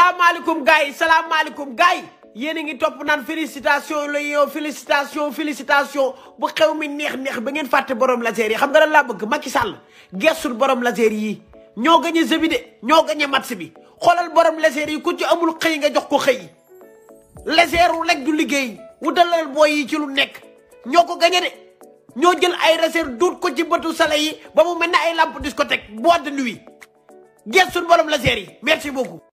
salaamaaleykum gars yi salaamaaleykum gars yi yéen a ngi topp naan félicitation la yow félicitation félicitation bu xew mi neex neex ba ngeen fàtte borom laser yi xam nga lan laa bëgg Macky sàll gestul borom laser yi ñoo gañe jeu bi de ñoo gañe match bi xoolal borom laser yi ku ci amul xëy nga jox ko xëy laseru lekk du liggéey wutalal booy yi ci lu nekk ñoo ko gañe de ñoo jël ay laser duut ko ci bëtu sale yi ba mu mel ne ay lampe discothèque boîte de nuit gestul borom laser yi merci beaucoup